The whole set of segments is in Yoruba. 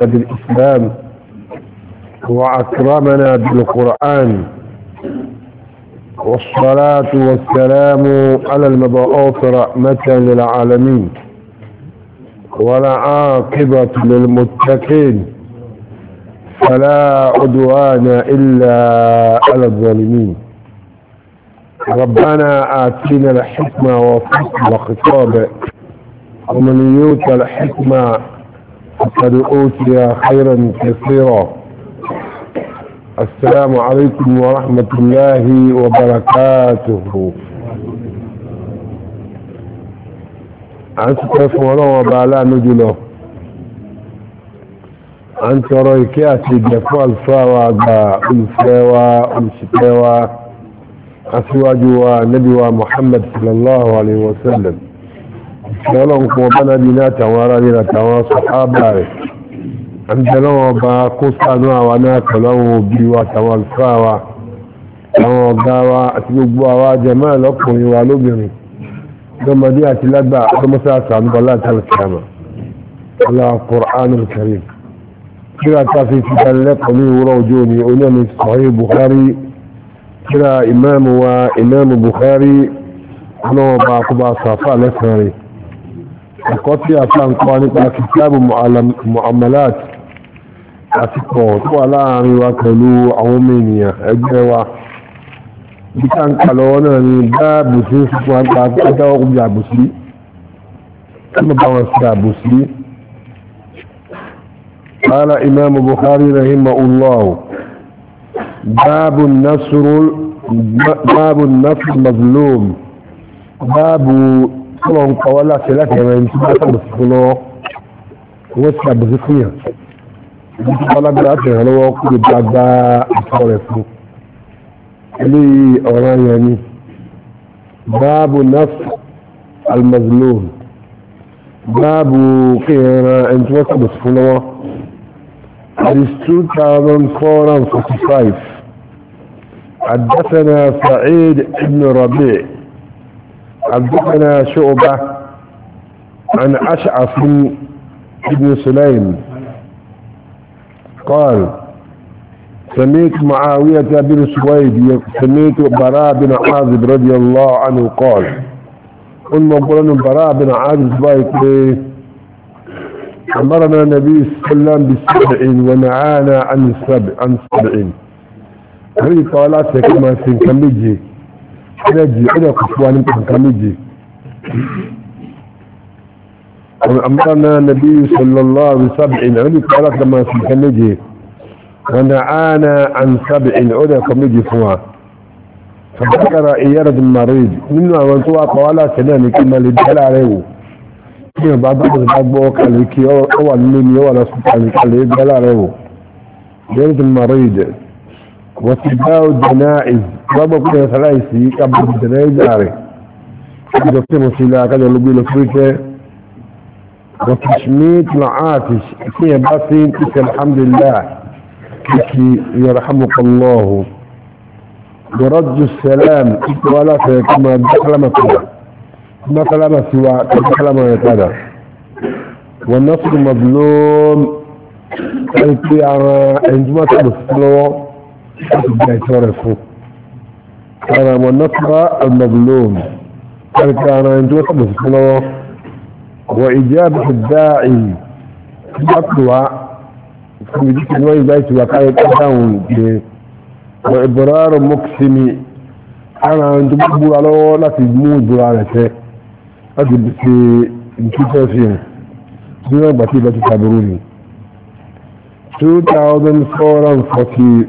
بالإسلام وأكرمنا بالقرآن والصلاة والسلام على المبعوث رحمة للعالمين ولا عاقبة للمتقين فلا عدوان إلا على الظالمين ربنا آتينا الحكمة وفصل الخطاب ومن يوت الحكمة قد أوتي خيرا كثيرا السلام عليكم ورحمة الله وبركاته أنت تفونا وبعلا نجله أنت رأيكي أتجفوا الفاوة الفاوة الشفاوة أسواجوا نبي محمد صلى الله عليه وسلم ọlọ́run kún ọba náà ní àtàwọn ará ní àtàwọn sọ̀hábà rẹ̀ àbíjẹ́lọ́wọ́ ọba kó sánú àwa náà pẹ̀lú àwọn òbí wa àtàwọn àlùfáà wa àwọn ọ̀gá wa àti gbogbo àwa jẹ̀mọ́ ẹ̀lọ́kùnrin wa lóbìnrin lọ́mọdé àti lágbà ọlọ́mọsá àtàwọn ọlá àtàwọn kìámà ọlá Qur'anul Karim kíra káfí ní ìwúrọ̀ òjò ni onímọ̀ Sahih Bukhari kíra ìmáàmù wa ìmáàmù Bukhari ọlọ́wọ́ bá kó bá sọ àfáà lẹ́sàn rẹ̀ ẹ̀kọ́ tí a fà ń kọ́ nípa kìtàbù mu'amalat àti pọ̀ tó wà láàrin wa pẹ̀lú àwọn ọmọ ènìyàn ẹgbẹ́ wa bí ká ń kà lọ́wọ́ náà ni dáàbò sí fún àgbà adáwọ̀ bí àbòsí tí mo bá wọn sí àbòsí قال إمام بخاري رحمه الله باب النصر باب النصر مظلوم باب kọ́mọ̀ ń kọ́ wọ́n láti láti ẹ̀rọ ẹni tí wọ́n sàbòsí fún lọ́wọ́ wọ́n ti sàbòsí fún yàn ibi tí wọ́n lágbára láti ràn lọ́wọ́ kó lè bá gba ìtọ́ rẹ̀ fún eléyìí ọ̀ràn yẹn ni báàbù nafs almazlum báàbù kéèrà ẹni tí wọ́n sàbòsí fún lọ́wọ́ is 2445 حدثنا سعيد بن ربيع حدثنا شعبة عن أشعف بن سليم قال سميت معاوية بن سويد سميت براء بن عازب رضي الله عنه قال قلنا قلنا براء بن عازب بايك أمرنا النبي صلى الله عليه وسلم بالسبع ونعانا عن السبع عن السبع هذه قالت كما سنكمجي ẹlẹ́jì ẹlẹ́ kò fún wa ní nǹkan méje أمرنا النبي صلى الله عليه وسلم عليك قالت لما سيكمجي ونعانا عن سبع عليك كمجي فوا فذكر إيارة المريض منه وانتوا قوالا كناني كما لدل عليه ní bá bá bá gbọ́ kàlẹ̀ kí ó wà nínú ni ó wà lọ́sùn kàlẹ̀ kàlẹ̀ gbẹ́lá rẹ̀ wò yẹ́rù tó mọ̀rọ̀ ìdẹ̀ واتباع الجنائز ربما كنا ثلاثي قبل الجنائز عاري قد يقيم سلاح قد يلقي وتشميت العاتش كي باسين كي الحمد لله كي يرحمك الله ورد السلام ولا كما دخل ما كلام سوى كما ما والنصر مظلوم كي على عندما تبصلوا يعترفوا كان والنصر المظلوم قال كان ينجو سبس الله وإجابة الداعي أطلع في ذيك الوين بايت وقاية كتاون وإبرار مقسمي أنا أنتم أقول على لا تجمود على شيء أجل في نتيجة فيه دون بطيبة تتابروني 2446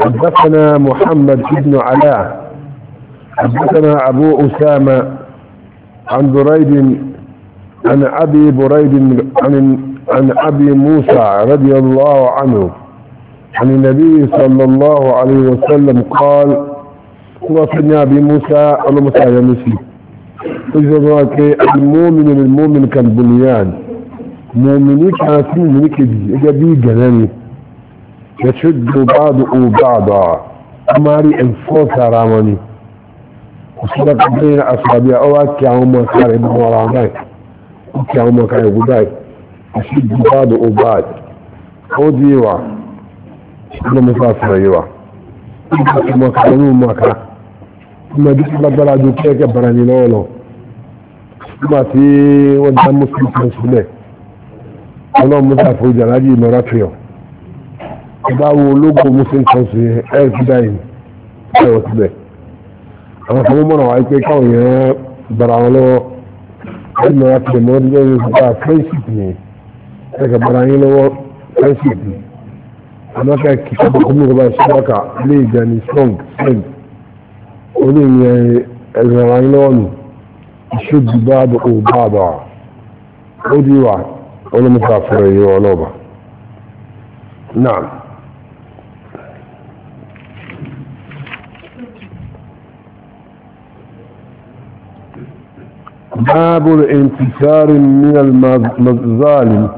حدثنا محمد بن علاء حدثنا أبو أسامة عن بريد عن أبي بريد عن, عن أبي موسى رضي الله عنه عن النبي صلى الله عليه وسلم قال وصلنا بموسى موسى يا مسيح المؤمن المؤمن كالبنيان مؤمني كان مؤمني كبير إذا بي جناني يشد بعضه بعضا ماري انفوت راماني وصدق بين أصابع أواك يوم كارب ورامي يوم كارب داي يشد بعضه بعض خوديوا أنا مسافر يوا ما كانوا ما كان ما جيت بدل أدوكيك براني لولو ما تي وانت مسلم في سنة أنا على جي مراتيو ẹ̀bá wo ológun muslim council ẹ̀ ti dáyìn ẹ̀ wọ́n síbẹ̀ àwọn kan mọ́ mọ́ra wáyé pé káwọn yẹn bara wọn lọ́wọ́ ẹ̀ mọ́ wá pè mọ́ nígbà yóò sọ́kà friendship ni ẹ̀ kà bara yín lọ́wọ́ friendship ni àmọ́ ká kí ká bọ́kú mi rọ́bà ṣọ́kà lè jẹ́ ni strong strength ó lè yẹ ẹ̀rọ yín lọ́wọ́ nù ìṣòdì bá a bọ̀ ó bá a ó di wa olùmọ̀ta fẹ́rẹ̀ yìí ọlọ́ba náà. باب الانتصار من المظالم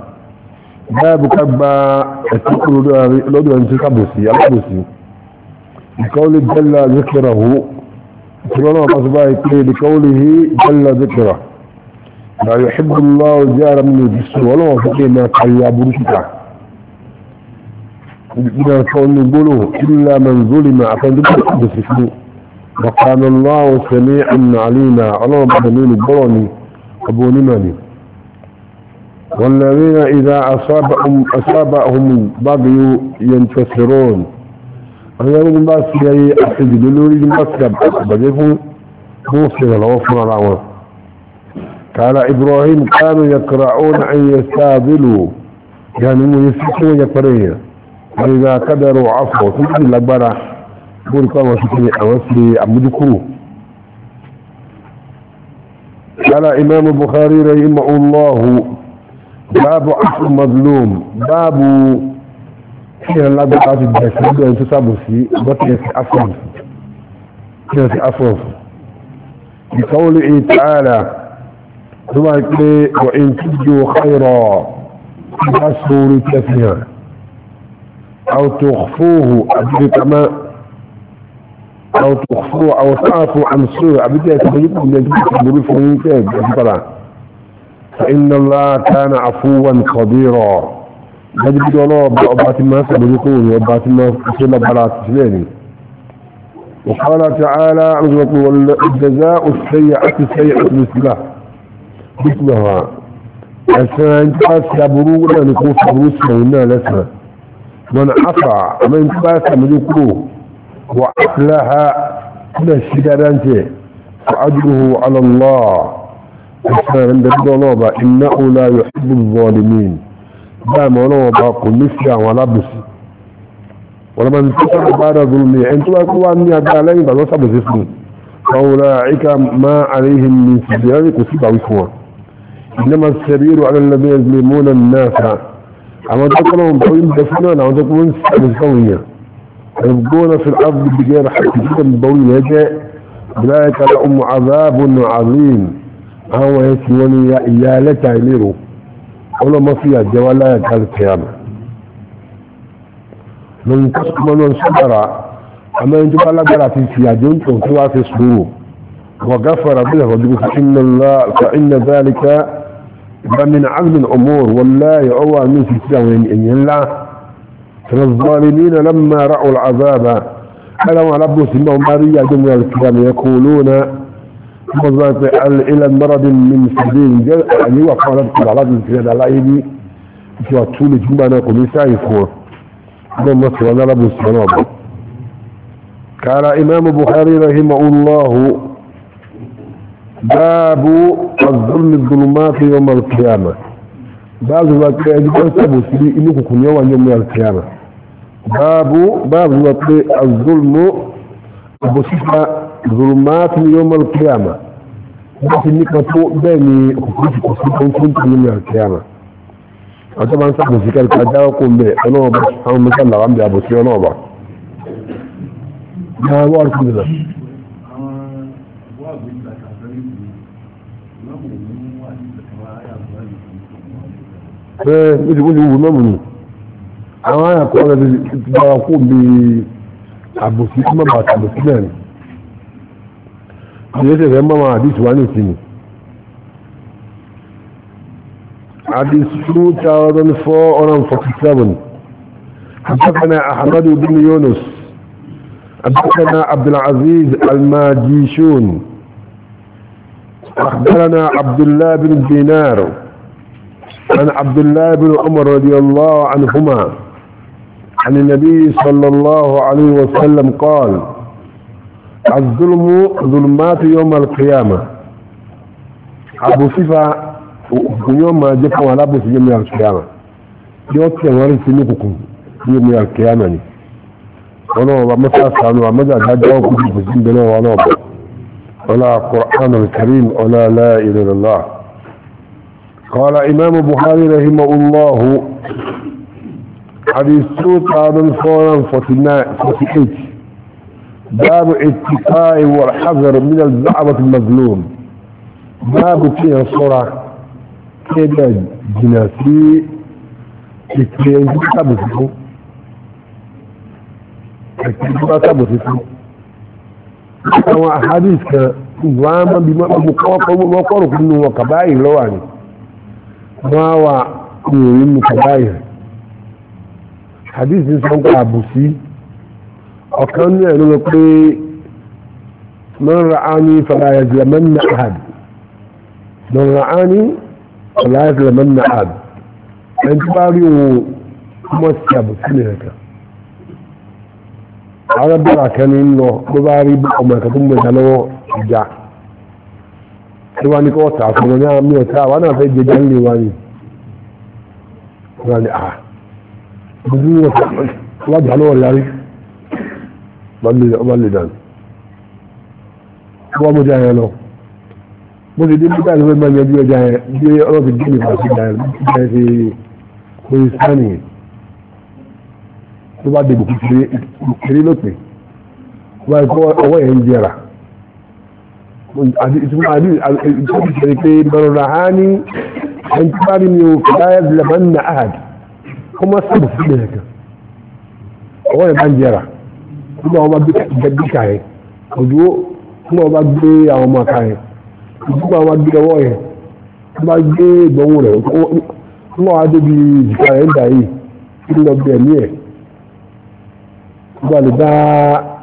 باب كبا التقر لدو انتقبسي القبسي لقول جل ذكره سبحانه وتعالى لقوله جل ذكره لا يحب الله جار من الجس ولو ما قيا برشتا من الكون نقوله إلا من ظلم أفندق القبسي وقال الله سميعا عليما على بدليل برني أبو نماني والذين إذا أصابهم, أصابهم بغي ينتصرون من بس يأي أحد دلوري من المسكب بجفو موصل الوصل العوام قال إبراهيم كانوا يقرعون أن يستاذلوا يعني يسكتوا يقرين وإذا قدروا عفوا تجد الأكبر bóri kọ́ àwọn ṣíkẹ́ àwọn sí àmójúkúrò ala imam bukhari rahimahullahu babu asul mazlum babu kíyàn lágbàtà ti bẹ̀rẹ̀ sí ọdún tó sábò sí bọ́tíyàn sí afọ́n kíyàn sí afọ́n ìkọwọlé ìtààlà tó máa pé wà in tí yóò kọ́rọ̀ bá sórí tẹ́fìyàn autofóhù àbúrítàmá أو تخفوا أو تعفوا عن السوء عبد يتخيبكم يجبكم برفهم كيف فإن الله كان عفوا قديرا بدو الله بأبات ما سبريكون وأبات ما سبريكون برات سليني وقال تعالى والجزاء السيئة السيئة مثلها مثلها عشان تقاس يبرو لأن يكون سبرو سنونا لسنا من عفا من تقاس من يكون وعقلها كل الشدادانته وأجره على الله أحسن عند الضلوبة إنه لا يحب الظالمين لا مولوبة قل نفيا ولبس ولمن فتح بعد ظلمي انتوا لا تقول أني أدعلين بل وصب جسمه فأولئك ما عليهم من سبيل كسيب وإخوان إنما السبيل على الذين يظلمون الناس أما تقولون بقيم دفنان أما تقولون سبيل يبقون في الأرض بغير حق جدا بول يجاء أولئك لهم عذاب عظيم هو يسموني يا عميرو أولا ما فيها جوالا يجعل القيامة من قسم من صبر أما أنت قال لك في سياجين تنتوى في صدوره وغفر بها وجبك إن الله فإن ذلك من عظم الأمور والله هو من سيساوين إن الله الظالمين لما رأوا العذاب ألم على ابن سمهم ماريا جميع الكلام يقولون إلى المرض من سبيل جل أن يعني يوقع لك على الكلام على أيدي يتوتون جمعنا كل سايفون أمام مصر أنا رب السلام قال إمام بخاري رحمه الله باب الظلم الظلمات يوم القيامة بعض الوقت يجب أن تبسلي إنه كن يوم يوم القيامة باب باب يوطي الظلم بسيطة ظلمات يوم القيامة بس انك تو بني كفوش كفوش كنت يوم القيامة وطبعا صح مسيكا الكادا وقوم به انا بس انا مثلا عم بي ابو سيو انا بس يا وارك بلا ايه يقول لي هو ما منو أنا أقول أقول ti dára kó lè àbòsí kí mọ́bà àtàbòsí náà ni ìyẹ́sẹ̀ rẹ̀ mọ́mọ́ àdìsí wá ní ìsinmi àdìsí 2447 حدثنا أحمد بن يونس حدثنا عبد العزيز الماجيشون أخبرنا عبد الله بن دينار عن عبد الله بن عمر رضي الله عنهما عن النبي صلى الله عليه وسلم قال الظلم ظلمات يوم القيامة أبو صفا يوم ما جفوا على أبو يوم القيامة يوتي وارد سنوككم يوم القيامة ولا مسألة عنوى مدى جاوكم بسم بنوى ونوى ولا قرآن الكريم ولا لا إله إلا الله قال إمام بخاري رحمه الله حديث 2048 باب اتقاء والحذر من الزعبة المظلوم باب كي انصرع كي جناسي كي انتبثه اكتبه اتبثه كما احاديث كنظاما بما مقاطع ومقارك انه وقبائل لواني ما هو كنظام مقبائل hadith ní sọ́nkà àbùsí ọ̀kan ní ẹ̀rọ lọ pé mọ́ra áni fara ẹ̀zẹ̀mẹ́ ní àhàd mọ́ra áni fara ẹ̀zẹ̀mẹ́ ní àhàd ẹni tó bá rí wọn mọ́ sí àbùsí ní ẹ̀ka arábìnrin akẹni ń lọ ló bá rí ọmọ ẹ̀ka tó mú ẹ̀ka lọ́wọ́ ìjà tí wọ́n ní kọ́ ọ̀tà fún wọn ní àmì ọ̀tá àwọn náà fẹ́ jẹjẹ ńlẹ̀ wá ní wọ́n ní àhà gbogbo wájà lọ́wọ́ lárí ọba lè dàn wọ́n mú jáyẹ lọ bó ti dé nígbà ìwé máa yẹjú ẹja ẹ bí ọlọ́fi dé nípa sí jáyẹ jáyẹ sí orí sáàni tó bá dìbò kiri lópin wọ́n yẹ kó ọwọ́ yẹn ń jẹrà ìtumọ̀ àdí ìtumọ̀ ìṣẹ̀lẹ̀ pé mọ̀rọ̀ rà á ní ẹni tó bá rí mi ò fẹ́ láyé lẹ́mọ̀ ní àhàdì kuma sabu fi da yakan ọwọ́ yẹn bá ń jẹrà kuma ọba gbẹgbẹ kàyẹ ojú kuma ọba gbé àwọn ọmọ kàyẹ ojú kuma ọba gbé ọwọ́ yẹn kuma gbé ìgbọ̀nwó rẹ̀ kuma wàá débi ìjìká rẹ̀ ń dà yìí kí ló bẹ ẹ̀mí ẹ̀ kuma lè bá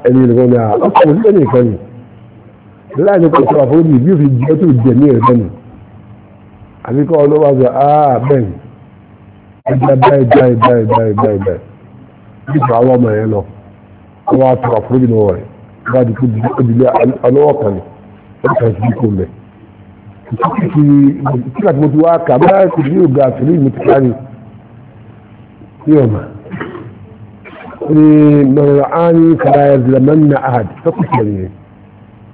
ẹni ìrìnkọ́ ah, ní àwọn ọkọ̀ òṣìṣẹ́ ní ìkan ni láàrin kò sọ àfọwọ́dì bí ó fi jẹ́ tó jẹ̀mí ẹ̀ bẹ́ẹ̀ ni àbíkọ́ ọlọ́wọ́ àgbà ah, áà bẹ́ẹ̀ ni ẹgbẹ́ báyìí báyìí báyìí báyìí báyìí báyìí bí ìfà àwọn ọmọ yẹn lọ wọ́n wá tọrọ àforíjì lọ́wọ́ rẹ̀ wọ́n á di kó ìdílé alọ́wọ́ kan ní wọ́n kàn sí kó mẹ́. kí láti mo ti wá kà bá kò ní ògá àfẹ́lẹ́ mi ti kárí ní ọ̀mà. ní mọ̀rọ̀ áni kàrà ẹ̀rọ mẹ́rin ahad sọ́kù kẹrin yẹn.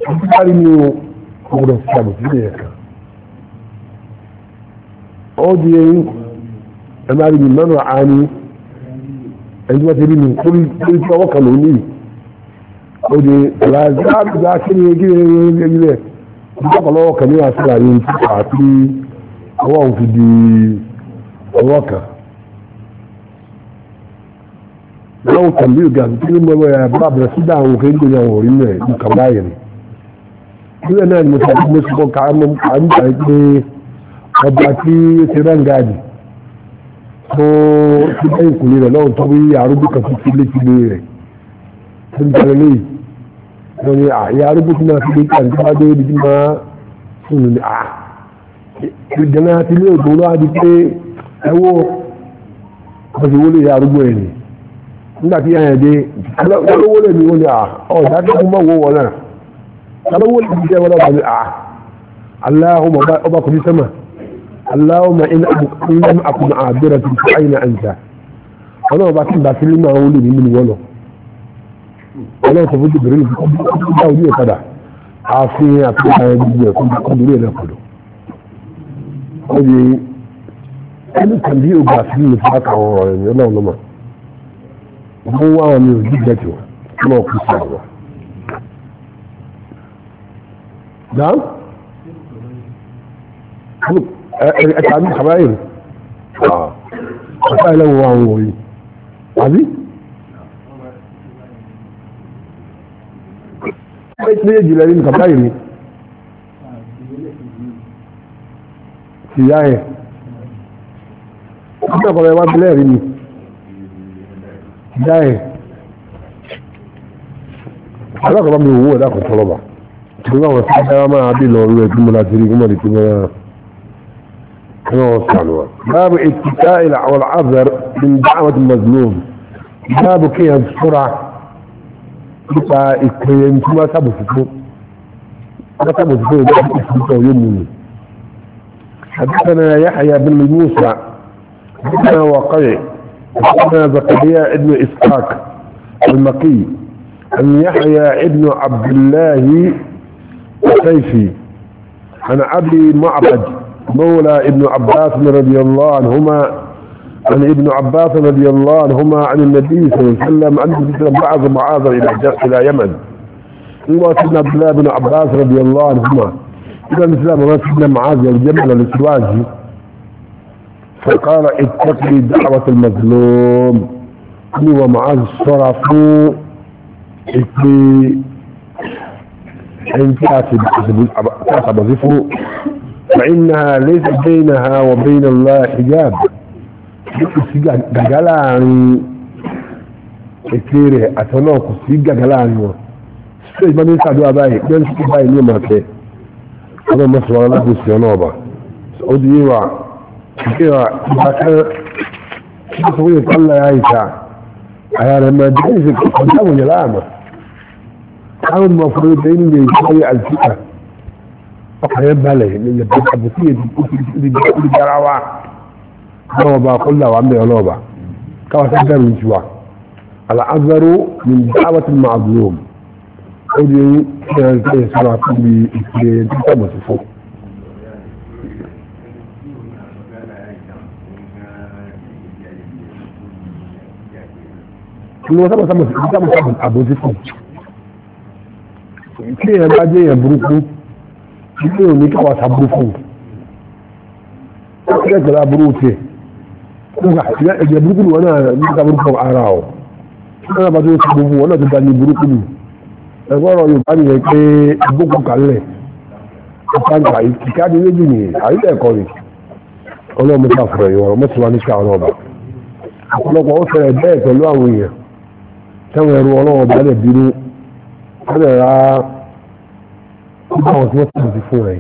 wọ́n ti kárí ní ọgbọ̀dọ̀ sábà sílẹ̀ yẹn kan ẹ máa rí mi mọ́nà àánú ẹni tí wọ́n ti rí mi kórí kórí tí ọwọ́ kan ló ní òde làzá kíni kíni ẹni rẹ̀ ìjọpọ̀lọ́wọ́ kan ní àṣírà yìí ti fà á sí ọwọ́ òun fi di ọwọ́ kan láwọn tàbí ìgbà tí ó mọ̀ ẹ̀ bàbá sídà àwọn òkè ìgbè àwọn orí mẹ́ nǹkan báyìí ni nílẹ̀ náà ni mo sọ pé mo sọ pé kà pé ọba tí ó ti rẹ́ǹgáàdì tó ti bẹ́yìn kùlé rẹ̀ lọ́wọ́ tó bí arúgbó kan tó ti lé ti lé rẹ̀ tó ń darí léyìí wọ́n ní àyà arúgbó tó máa fi lé kàn tó bá dé ibi tí máa sùn ní à ìdáná ti lé ògbó lọ́wọ́ di pé ẹwọ́ wọ́n ti wọlé ya arúgbó ẹ̀ ní nígbà tí yàrá dé kálówó lè mi wọ́n ní à ọ̀ dájú kó má wọ́ wọ́n náà kálówó lè mi jẹ́ wọ́n náà wọ́n ní à aláhùn ọba kò ní sẹ́mà. اللهم إن لم أكن عابرة فأين أنت أنا باتن باتن لما أولي من ولو أنا تفوت بريل في قبل كذا عافية أكون حياتي كنت قبل إلى كله قولي أنا كان لي أباسين لفاك عورين يلا ما هو أنا يجب لك ما أقصى الله نعم حلو ẹ̀ka ní kàbáyìrì ọ̀pá ẹlẹ́wọ̀n àwọn òyìn àbí ọ̀pá ìpínlẹ̀ jùlọ ní kàbáyìrì ìyá ẹ̀ ọ̀pá ọ̀pá ẹwà bílẹ̀ rí ni ìyá ẹ̀ alákọ̀ọ́bá mi owó ẹ̀dá kọ̀ọ̀kọ̀ lọ́ba tí wọ́n wọ́n sí ẹ̀rọ máa bí lọ rú ẹ̀kú mọ́lá tí rí kí mọ́lá باب اتكاء والعذر من دعوة المظلوم باب كيها بسرعة بقى ìpele ní tí wọ́n sábò fúnfún wọ́n sábò fúnfún ìgbà حدثنا يحيى بن موسى حدثنا وقيع حدثنا زكريا ابن اسحاق المقي عن يحيى ابن عبد الله السيفي عن ابي معبد مولى ابن عباس رضي الله عنهما عن ابن عباس رضي الله عنهما عن النبي صلى الله عليه وسلم عنه تسلم بعض معاذ إلى إلى يمن هو سيدنا عبد الله بن عباس رضي الله عنهما إذا الإسلام ما سيدنا معاذ الجمل الإسواجي فقال اتق لي دعوة المظلوم اني معاذ الصرفو اتني انت تعتب تعتب فإنها ليس بينها وبين الله حجاب gàgàláàrin ètè rẹ̀ àtọ́nà kò sí gàgàláàrin wọn ṣe ìgbà ní sàdúrà báyìí pé ń sọ báyìí ní ọmọ àfẹ́ ọmọ mọ́sùlùmọ́ alágbèsè ọ̀nà ọba ó di yíwa ìgbéra ìbákan tí ó sọ fún ìpá ọkùnrin balẹ̀ àbùkù ìdíjára wa lọ́wọ́ba kó làwọn bẹ̀rẹ̀ lọ́wọ́ba káwọn sẹ́ bẹ̀rù jù wa alàázọ́rò ní dáwọ́ ti máa gbé òun ó di eyín kí ẹ̀rọ ìpínlẹ̀ sọ́ra fún mi ìpínlẹ̀ títà bọ̀ sí fún. kí wọ́n sábà sábà àbójútó kí ẹ̀rọ bá jẹ́ yẹn burúkú ilé òní káwà sàbúrú fún un ẹgbẹ́ ìgbàlá burú tiẹ̀ nígbà ẹgbẹ́ burúkú ni wọ́n náà ní sàbúrú fún ara ọ̀ wọ́n náà bá tó sàbúrú fún wọn náà ti da ní burúkú ni ẹgbẹ́ ọ̀rọ̀ Yorùbá nìyẹn pé ìgbókù kalẹ̀ ìpàǹkà ìkíkà ní méjì ni àyíkẹ́ ẹ̀kọ́ ọ̀pọ̀lọpọ̀ ó fẹ́rẹ̀ bẹ́ẹ̀ pẹ̀lú àwọn èèyàn táwọn ẹrú ọlọ́wọ́ bá bínú wọ́n lẹ̀ nígbà wọn tí wọ́n tún ti fún rẹ̀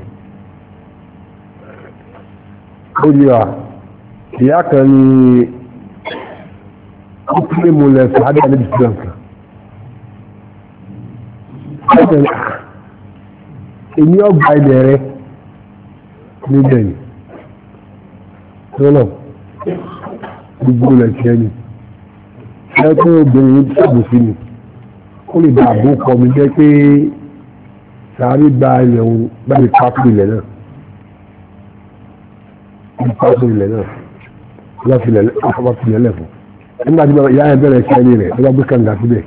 ó di à ìyá kan ní ó kúlé mu lẹ sàádà níbi tí wọn kàn ẹ̀jẹ̀ ní èmi ọgbà ilẹ̀ rẹ níbẹ̀ ni lọ́nà gbogbo ilẹ̀ tiẹ̀ ni ẹ̀kọ́ obìnrin tó bù sí mi ó lè mi jẹ́ pé sàárì gba ilẹ̀ òun báyìí pápú ilẹ̀ náà ní pápú ilẹ̀ náà wọ́n fi ilẹ̀ ọ̀fọ̀mọ́ fi ilẹ̀ lẹ́fọ̀ nígbà tí ìyá ẹ̀ bẹ̀rẹ̀ sí ẹni rẹ̀ ọba gbé kànga síbẹ̀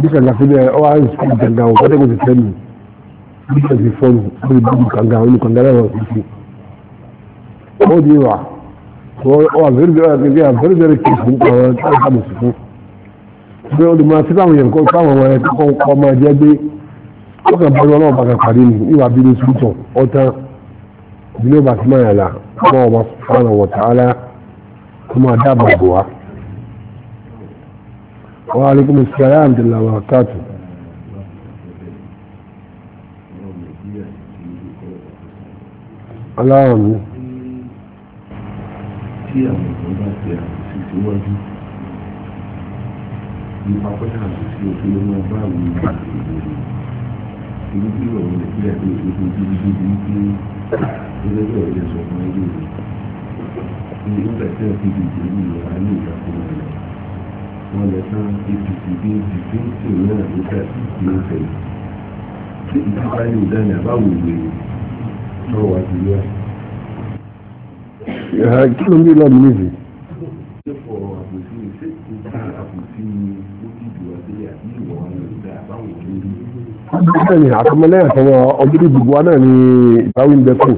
bí kànga síbẹ̀ ọwọ́ àyè sí kànga òun kọ́tẹ́ kò sì fẹ́ mi bí kànga sì fọ́nù bí bí kànga òun kànga náà wọ̀ sí. ó di wa wọ́n very very very kìí fún ọ̀rọ̀ tí wọ́n kà mọ̀ sí fún. bí olùmọ̀ sí fáwọn yẹn kọ́ fáwọn ọmọ rẹ̀ kọ́ ọmọ ẹ̀jẹ̀ gbé wọ́n kàn bọ́lú ọlọ́ọ̀bá kan pàdé ni ìwà bínú sùtọ̀ ọ̀tá ìdílé bá ti máa là ọmọ ọba fúnra wọ̀ tààlà tó máa dábàá bò wá. wa alaikum salaam àmdìlá wa káàtó. aláwọ̀ mi. tí àwọn ọ̀dọ́ bá àwọn sì síwájú nípa pẹ́ẹ́sì àti sí òfin ló máa ní kí ìrọ̀rùn lè fi ẹ̀kọ́ ìṣòfò gidigidi ní kí ẹgbẹ́ ọ̀rẹ́ sọ fún ẹgbẹ́ rẹ̀ ní ìgbà tí wọ́n fi dìde ní ìlọ́ra ní ìdákùnrin rẹ̀ wọ́n lẹ tán apc bí dìfíǹsì náà ló dà sí ìpínlẹ̀ tí ìjọba yóò dání àbáwò ìwé lọ́wọ́ wá sí yá. kí ló ń bí lọ́ọ̀mù níbi. ṣépọ̀ àpòsí bẹ́ẹ̀ni àtọmọlẹ́yìn àtọwọ́ ọdúnrún gbogbo wa náà ni ìbáwí ń bẹ kù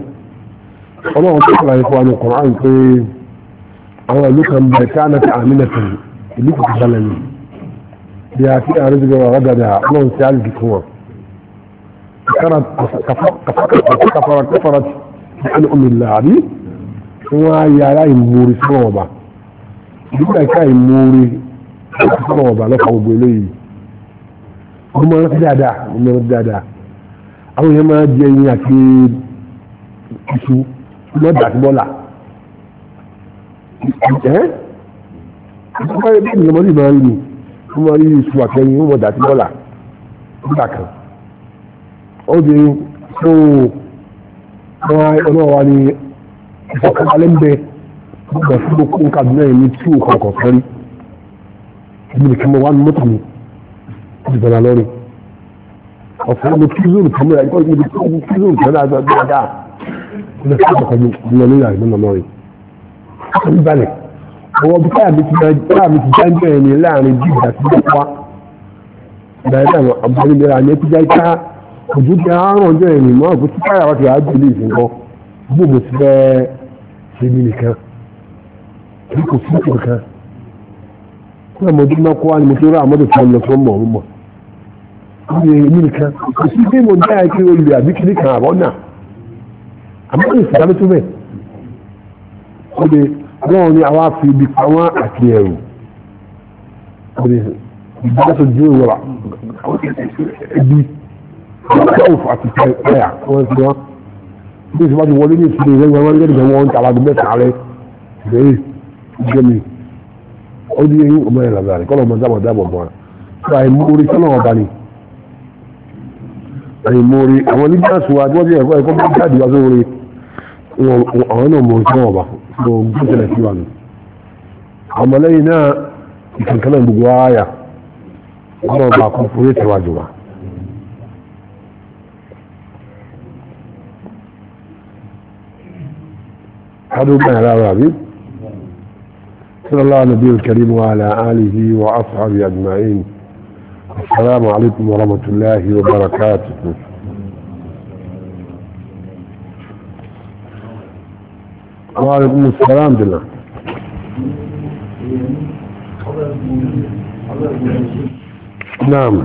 ọlọ́run tó kàlàyé fún wa ní kọ̀ọ̀án pé àwọn ìlú kan bẹ tí a náà ti àmì nẹ̀tẹ̀ ìlú kò sálẹ̀ ni bí a ti àárín gbogbo wa gàdà ọlọ́run ti àlùkì fún wa kafara kafara ti àni omi làbí wọn á yára ìmúri sọ̀rọ̀ ọba ìdúgbà ká ìmúri sọ̀rọ̀ ọba lọ́kọ̀ ọmọ rántí dáadáa ọmọ rántí dáadáa àwọn èèyàn máa jẹ ẹyin àti iṣu lọ́dà àti bọ́là ẹ́ àkọ́kọ́ ẹgbẹ́ ìgbìmọ̀ ọmọdé máa ń rí wọ́n máa rí iṣu àtẹ̀yìn wọ́n mọ̀dà àti bọ́là nígbà kan ó di tó ọlọ́wà ni ìfọ̀kànbalẹ̀ ń bẹ gbogbo fún gbogbo nǹkan náà ní tí òkọ̀ọ̀kan rí ẹni nìkan mọ̀ wá ní mọ́tò mi ìgbàlá lọ́rì ọ̀fọ̀ ọmọ kízùn kan náà ẹ̀kọ́ ìgbàlá ọmọ kízùn kan náà gbà dáadáa ní ọjọ́ kan ní ọmọ ìyá ìgbàlá lọ́rì ọkọ̀ ní balẹ̀ ọwọ́ bí káyà mi ti jáńjọ́ ẹ̀ ní láàrin bí ìgbà tí wọ́n wá ìgbà yẹn náà àbúrò ìlera ní ẹkú já ká òjò ti àárọ̀ ọjọ́ ẹ̀ ní mọ́ àbúrò tí káyà wá ti àájú ilé ìsìnkọ́ gbogbo ti fẹ́ ṣe mí nìkan kí kò sí nìkan kí ọmọdé náà kó wá ni mo ti ní èmi nìkan kò sí pé mo dá ẹkẹ olè àbí kiri kan àbọ̀ náà àmọ́ ìsàlámẹ́ tó bẹ̀ ó lè gbọ́n ní àwa fi ibi àwọn àti ẹ̀rù ìgbàlódé ju ìwọ̀ra ẹbí ọ̀f àti ń ta alágbó mẹ́sàn-án rẹ̀ bẹ́ẹ̀ jẹ́mi ó dín ẹ̀yìn ọmọ ẹ̀ làbẹ̀rẹ̀ kọ́ àìmórí àwọn onígbàsù wa gbọ́dọ̀ ẹ̀kọ́ ẹ̀kọ́ bí jáde wá sóore àwọn náà mọ̀ sí wọn ọba mo gbọ́dọ̀ sí wa nù ọmọlẹ́yìn náà ìkankanáà gbogbo ààyà wọn ọba kún fún ètò ìwájú wa. قالوا ما لا رابي صلى الله عليه الكريم وعلى آله وأصحابه أجمعين السلام عليكم ورحمة الله وبركاته وعليكم السلام دلنا نعم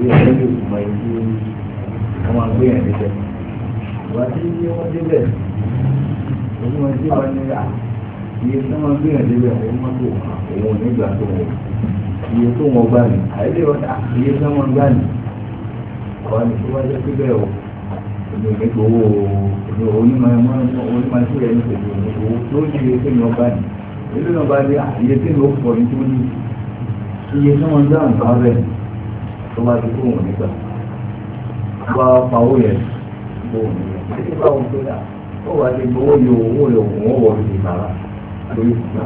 Ìjọba wọ́n máa gbé yẹn níbẹ̀ ìwà tí wọ́n débẹ̀ òun wọn tí wọ́n ní à iye tí wọ́n gbé yẹn débẹ̀ òun máa tó òun nígbà tó wọ̀ iye tó wọ́n gbà ní àyẹ̀lẹ̀ wọn à iye tí wọ́n gbà ní ọ̀rọ̀ ní tó wájú pé o èmi ní owó èmi onímọ̀ ẹ̀mọ́ onímọ̀ sí ẹni ní iye tí ní èmi náà bá ní iye tí mi ó ní tó ní bá rẹ̀ bá pawó yẹn bò ní ẹ̀ ṣé báwo tó dà ó wà ní owó yọ owó yọ òun ó wọ ìdè bàrà lórí kùnà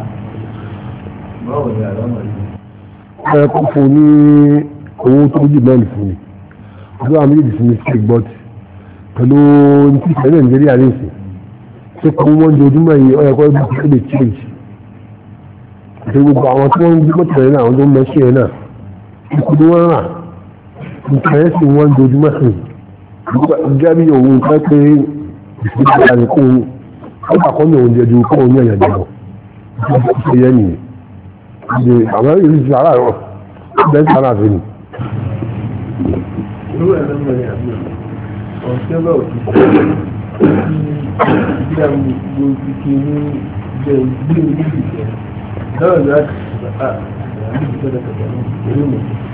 báwo ni àlámà yìí. ẹ kó fún ní owó tó jù bẹ́ẹ̀ fún mi ọdún àmì ìdìsí mi sí gbọ́tì pẹ̀lú ní ìfẹ́ nàìjíríà ní ìsìn tí kò wọ́n jẹ ojúmọ́ yìí ọ̀yẹ̀kọ́ bí kò lè change àti gbogbo àwọn tí wọ́n ń gbọ́ tẹ̀lé náà àwọn tó ń mẹ́ṣẹ́ náà ikú ni rà nǹkan ẹ̀ sì wọ́n jẹ ojúmọ́ sí i gẹ́bí òun fẹ́ pé ìfúnpá rẹ̀ kó ó pàkọ́ ní òun jẹ ju kó ní ẹ̀yàn jẹ̀bọ̀ ṣe yẹ ṣe àwọn ìlú ti ara bẹ́ẹ̀ sára fi nì. Thank you.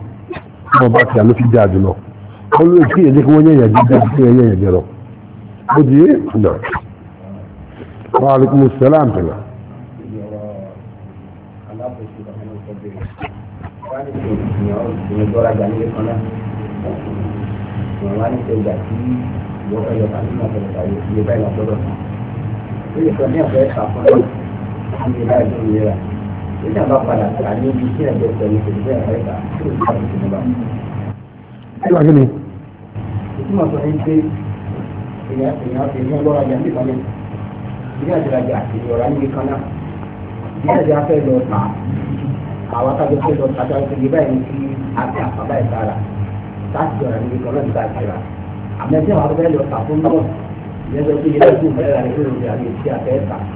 wọn bá ti àlọ́ fi dáa jùlọ wọn lóye kí èyí kí wọ́n yẹ̀yẹ̀ jẹ́ dáa kí wọ́n yẹ̀yẹ̀ jẹ́ lọ. ó di náà wa alaikum salaam tẹ̀lé. Ìyẹn wá ní nígbà bá padà tà níbi Kita ẹ̀jẹ̀ pẹ̀lú ìṣèlú ẹ̀rẹ́ ta tó ń bá ìṣèlú bá. kí wàá kíni. ìtumọ̀ sọ ní pé èèyàn èèyàn èèyàn lọ́ra jà nípa mi ìdí àjẹrà jà ìyọ̀rá níbi kan náà ìdí àjẹrà fẹ́ lọ tà àwọn tájọ fẹ́ lọ tà tájọ fẹ́ báyìí ní kí àti àfàbà ìtara láti yọ̀rá níbi kan náà nípa ìtara àmọ́ ẹgbẹ́ àwọn fẹ́ lọ tà fún náà ìyẹn sọ pé ìyẹn lọ́dún fẹ́ rà ní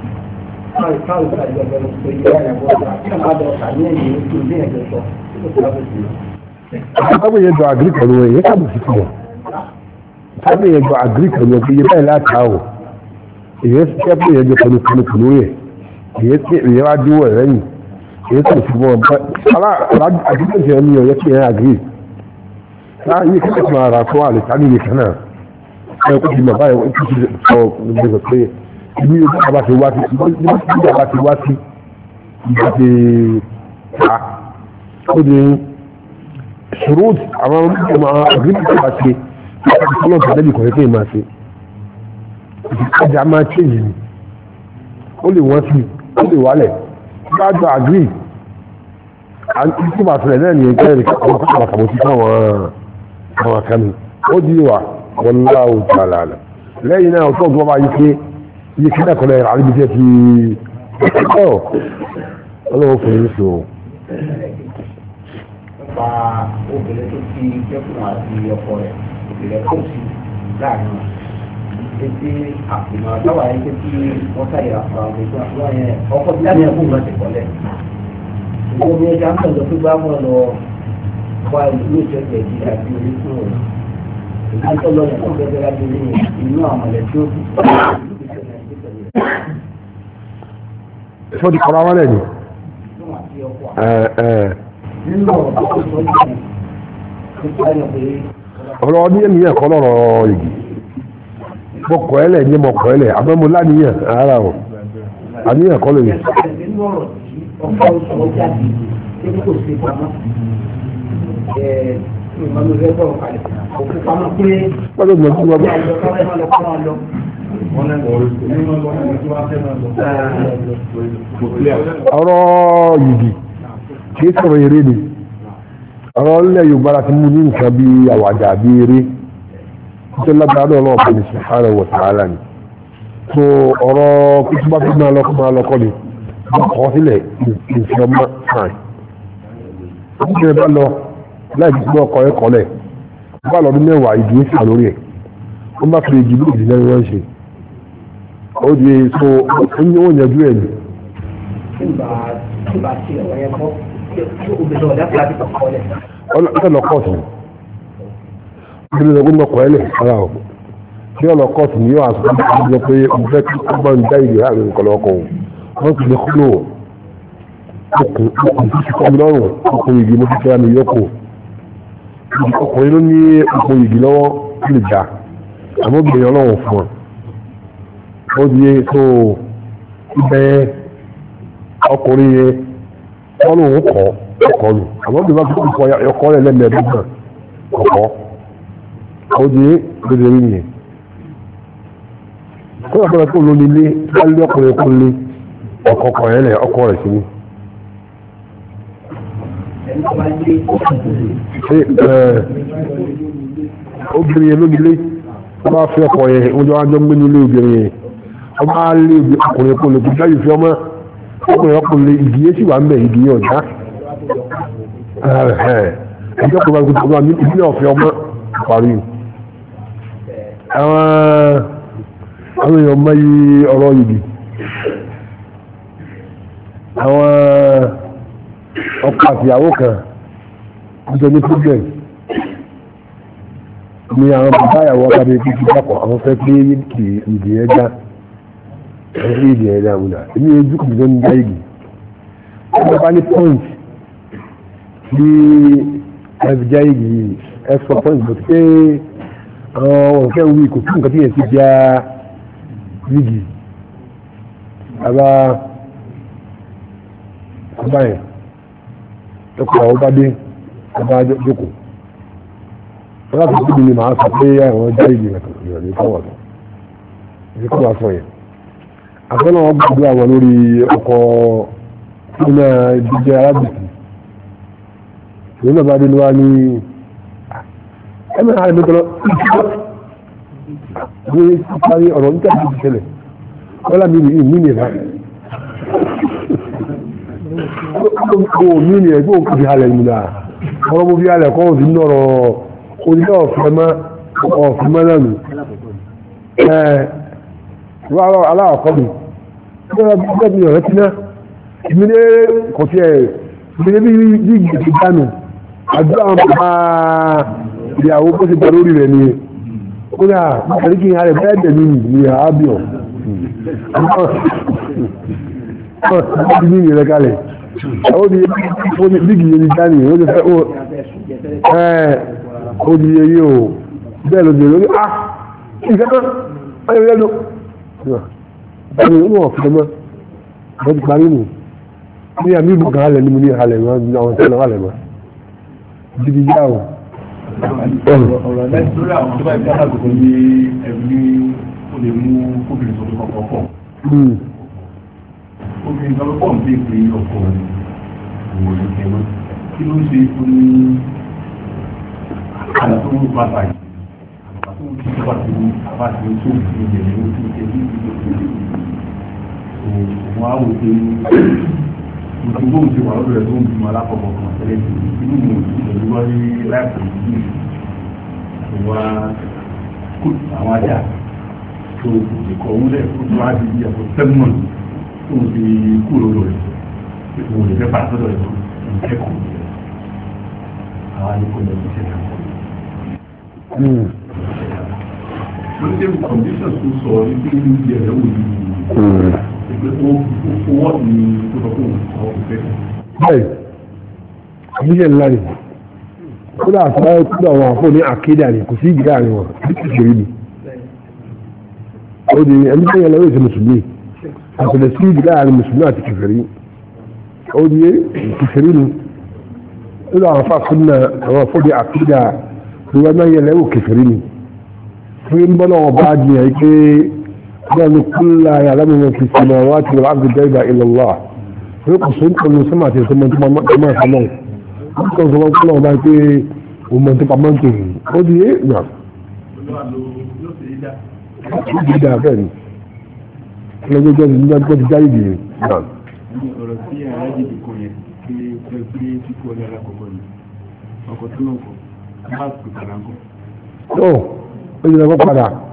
káàlù káàlù ká ìjọba ẹni tó yẹ ẹ̀rọ ọ̀gá kí ẹ̀ má bẹ̀rẹ̀ kà ní ẹ̀yìn ní kí ilé ẹ̀jẹ̀ sọ tábìlì yẹn jọ àgírí pẹ̀lú ẹ̀ yẹ káàbù sí fún ọ tábìlì yẹn jọ àgírí pẹ̀lú ẹ̀ yẹ báyìí láti àwọ̀ èyẹ tábìlì yẹn jọ pẹ̀lú pẹ̀lú pẹ̀lú ẹ̀ èyẹ tí èyẹ wá dúró ẹ̀ lẹ́yìn èyẹ tó fi mọ́ ọ̀bá àdúgbò yẹn ni ọ̀yẹ́ kí ẹ̀ àgírí láàyè kí ẹ̀ máa fún àlè tábìlì náà ẹ̀ ti mọ̀ báyìí ó ti sọ gbẹ̀gbẹ̀ pé ní ìgbà àbá ti wá sí ìgbà àbá ti wá sí ìgbà ti ta ó di ṣòróòtì àwọn ọmọ agríkì bá ṣe ọlọ́run tó dẹ́bì kọ̀ọ̀kẹ́ kéèmà ṣe ìjà máa change ni ó lè wọ́n sí ó lè wálẹ̀ bá jọ agrí àti tí màá sọ̀rọ̀ náà nìyẹn kẹ́rẹ̀ àwọn akọ́kọ́ àtàbọ̀tí fáwọn àwọn akẹ́mi ó di wà wọn láwùjọ àlàálẹ̀ lẹ́yìn náà ọ̀tọ́ ọ̀gbọ́n bá yí pé iye kí náà kọlẹ̀ àríbi jẹ́ ti ọ̀ ọlọ́wọ́ fún yín so. nípa obìnrin tó fi jẹ́kùn àti ọkọ rẹ̀ ìrẹ́ kò sí láàrin wọn àtàwà yìí pé kí wọ́n sáyé àpò àwọn ètò àpòwá yẹn ọkọ̀ tí láti ẹ̀kọ́ wọn ti kọ́lẹ̀. ìwọ ni ẹja ń tọ̀jọ́ pé bá lọ wá ìlú ìjọba ìdí àti orí fún òun. ìdájọ́ lọ́yẹ̀ fún gẹ́gẹ́ láti rí inú àmọ̀lẹ̀ tí ó kù. ẹ̀fọ́ ti kọ́ra wọ́n lẹ̀ ni. ọ̀rọ̀ ní ẹ̀mí ẹ̀kọ́ lọ́rọ̀ yìí mo kọ́ ẹ̀lẹ̀ ní mo kọ́ ẹ̀lẹ̀ láníyàn ara o àníyàn kọ́ lóye. Pẹ̀lú ìgbà tí wọ́n ọ̀rọ̀ yìí kìí sọ̀rọ̀ eré ni ọ̀rọ̀ ilẹ̀ yorùbá láti mú ní nǹkan bí àwàdà bí eré tó lágbàdo ọlọ́ọ̀pọ̀ ní sàárẹ̀ wọ̀ sàárà ni tó ọ̀rọ̀ kútúbá tó máa lọ́kọ́ máa lọ́kọ́ ni ọkọ̀ sílẹ̀ ìfọ̀mọ́ fàn ìdílé bá lọ láì fi gbọ́ ọkọ̀ ẹ̀kọ́ lẹ̀ bá lọ́dún mẹ́wàá ìdílé sà lórí ẹ̀ wọ́n bá fi ìdílé ìdílé wọn ṣe ó di so ó yànjú ẹ̀ ní. ọ̀nà lọ kọ́ọ̀tù obìnrin ọgbọ́n ọkọ̀ ẹ̀lẹ̀ ara ọ̀pọ̀ bí ọ̀nà kọ́ọ̀tù ni yóò àṣọ ìjọ pé ọgbẹ́ kí ó bá ń dá ìdè àrùn nǹkan ọkọ̀ wọn ti lè kúrò okùn okùn tó ti kọ́ mi lọ́rùn okùn igi mo fi fẹ́ra mi yọkù ọkùnrin ló ní okùn igi lọ́wọ́ lè jà àmọ́ obìnrin ọlọ́run fún ọ ó di yé so ibẹ̀ ọkùnrin yẹ wọ́n lòun kọ́ ọkọ̀ lù àmọ́ bí wọ́n fi kọ́ ọkọ̀ rẹ̀ lẹ́mẹ̀ẹ́dọ́gbọ̀n kọ̀kọ́ ó di yé gbèdé rí nìyẹn kó yàtọ̀ rẹ̀ kó ló nílé bá lé ọkùnrin kó lé ọkọ̀ kọ̀ yẹn lẹ̀ ọkọ̀ rẹ̀ sí ni. obìnrin yẹn ló nílé wọ́n bá fi ọkọ̀ yẹn wọ́n jọ wá jọ ń gbé nílé obìnrin yẹn ọmọ alẹ́ ibi ọkùnrin kò lè gbígbá yìí fi ọmọ ọkùnrin ọkùnrin ìdíyé sì wà ń bẹ̀ ìdíyé ọ̀dá ẹjọ́ kò bá gbogbo ọmọ mi ìdíyé ọ̀fẹ́ ọmọ parí àwọn èèyàn mọ iye ọ̀rọ̀ yìí àwọn ọkọ àtìyàwó kan ọjọ́ ní problem ni àwọn bàbá ìyàwó ọba bíi kíkí dàpọ̀ àwọn fẹ́ pé kì í ìdíyẹ já ẹ̀rí ìdí ẹ̀dá àmúlà èmi ojú kò gbọ́n ní dáìgì ọjọ́ bá ní point bí ẹ̀fì jáìgì ẹ̀fọ́ point bọ̀ pé àwọn ọ̀kẹ́ wí kò tún nǹkan tí yẹn ti já lígì àbá àbá yẹn ọkọ̀ àwọn bá dé àbá jókòó wọ́n láti kúbi ni màá sọ pé àwọn jáìgì rẹ̀ kò yọ̀ ní kọ́wọ̀ lọ ní fún yẹn àfẹ́nà wọn gbàdúrà wọn lórí ọkọ̀ nínú ìdíje arábìsì ìwé náà bá dé lọ́wọ́ ní ah, ẹ̀mí ààrẹ mi tọ́lọ́ ìjọba ní parí ọ̀rọ̀ níta ti ti ṣẹlẹ̀ kọ́lá mi nìyí mí nìyẹn kó mí nìyẹn fi halẹ̀ mi ọ̀rọ̀ mo fi halẹ̀ kọ́ òsì wọ́n aláwọ̀kọ́ mi gbọ́dọ̀ bí ọ̀rẹ́ tí náà èmi ní kò fi ẹ̀ èmi ní bí gbèsè dànù àdúrà wọn bá ìyàwó bó ti darí orí rẹ̀ ni ó ní àkàrí kí n harẹ̀ bẹ́ẹ̀ dẹ̀ mí ní àábíọ̀ àwọn ti ní ìrẹ̀ kalẹ̀ àwọn ti yẹ bí gbèsè ní dànù ó ti fẹ́ ó ẹ̀ ó ti yẹ yí o bẹ́ẹ̀ ló ti lórí ah ìfẹ́ náà ó yẹ lẹ́nu báyìí ó wọ̀ fún ọmọ wọ́n ti parí nù ní àmì ìbò kan halẹ̀ ni mo ní halẹ̀ mọ́ ní àwọn tẹ́lẹ̀ halẹ̀ mọ́ jíjí yá o. ọ̀rọ̀ náà lórí àwọn tó bá yẹ kí alágbèbọ̀ ní ẹ̀rù ní o lè mú obìnrin tó tó kọ̀ọ̀kan pọ̀. obìnrin tó pọ̀ ń bèèrè ọkọ̀ òwò ìjẹun kí ló ń ṣe fún ní àlàfo pàtàkì pàtó àpàtó tó fi ìbẹ̀rẹ̀ ó fi ṣe bí òun á wò pé nǹkan bóun ti wà lọ́dọ̀ rẹ̀ tó ń bímọ alákọ̀ọ́kọ̀ kan tẹ́lẹ̀ tó inú mi ò sí pẹ̀lú wọ́n ní láìpẹ́ yìí ìwà àwọn ajá tó ìkọ̀ òun lẹ̀ tó wá di ìyàtọ̀ sẹ́mọ̀n tó ń fi kú lọ́dọ̀ rẹ̀ lè fẹ́ pàtó lọ́dọ̀ rẹ̀ òun kẹ́kọ̀ọ́ àwọn àyíkọ́ lẹ́yìn ìṣẹ̀lẹ̀ àkọ́kọ́ the same condition tó sọ ní ní ìdí ẹ̀rẹ́ wò ní ìpè owó ní tó sọ fún àwọn òfin. bẹ́ẹ̀ àbíyẹ̀ ńlá ni kódà àtàwọn kódà wọn àfọ ní àkédà ni kò sí ìgbà rẹ wọn bí kò ṣe rí ni ó di ẹni tó yẹ lọ́wọ́ ìṣe mùsùlùmí àtẹ̀lẹ̀ sí ìgbà rẹ mùsùlùmí àti kìfẹ̀rí ó di kìfẹ̀rí ni kódà àwọn afọ àkúnnà ní àkédà ni wọn náà yẹ lọ́wọ́ kìfẹ̀rí ni fi ń bọ́lọ̀ wọn bá di ẹ̀ pé bọ́ọ̀ ni kúlà yà lábẹ́wọ̀n fi sọ̀rọ̀ wá ti wà ábùdá ìgbà ìlọ́wà pé kò sí nǹkan ní sọ́mà àti ìsọmọ tó máa sọmọ wọ́n kàn sọ kúlà wọn bá pé òun mọ̀ tó pamọ́ tó yìí ó di é nà. ó di dà bẹ́ẹ̀ ni lọ́jọ́ jẹ́ ní nígbà ti jáde dì í nà. ọ̀rọ̀ 我快点。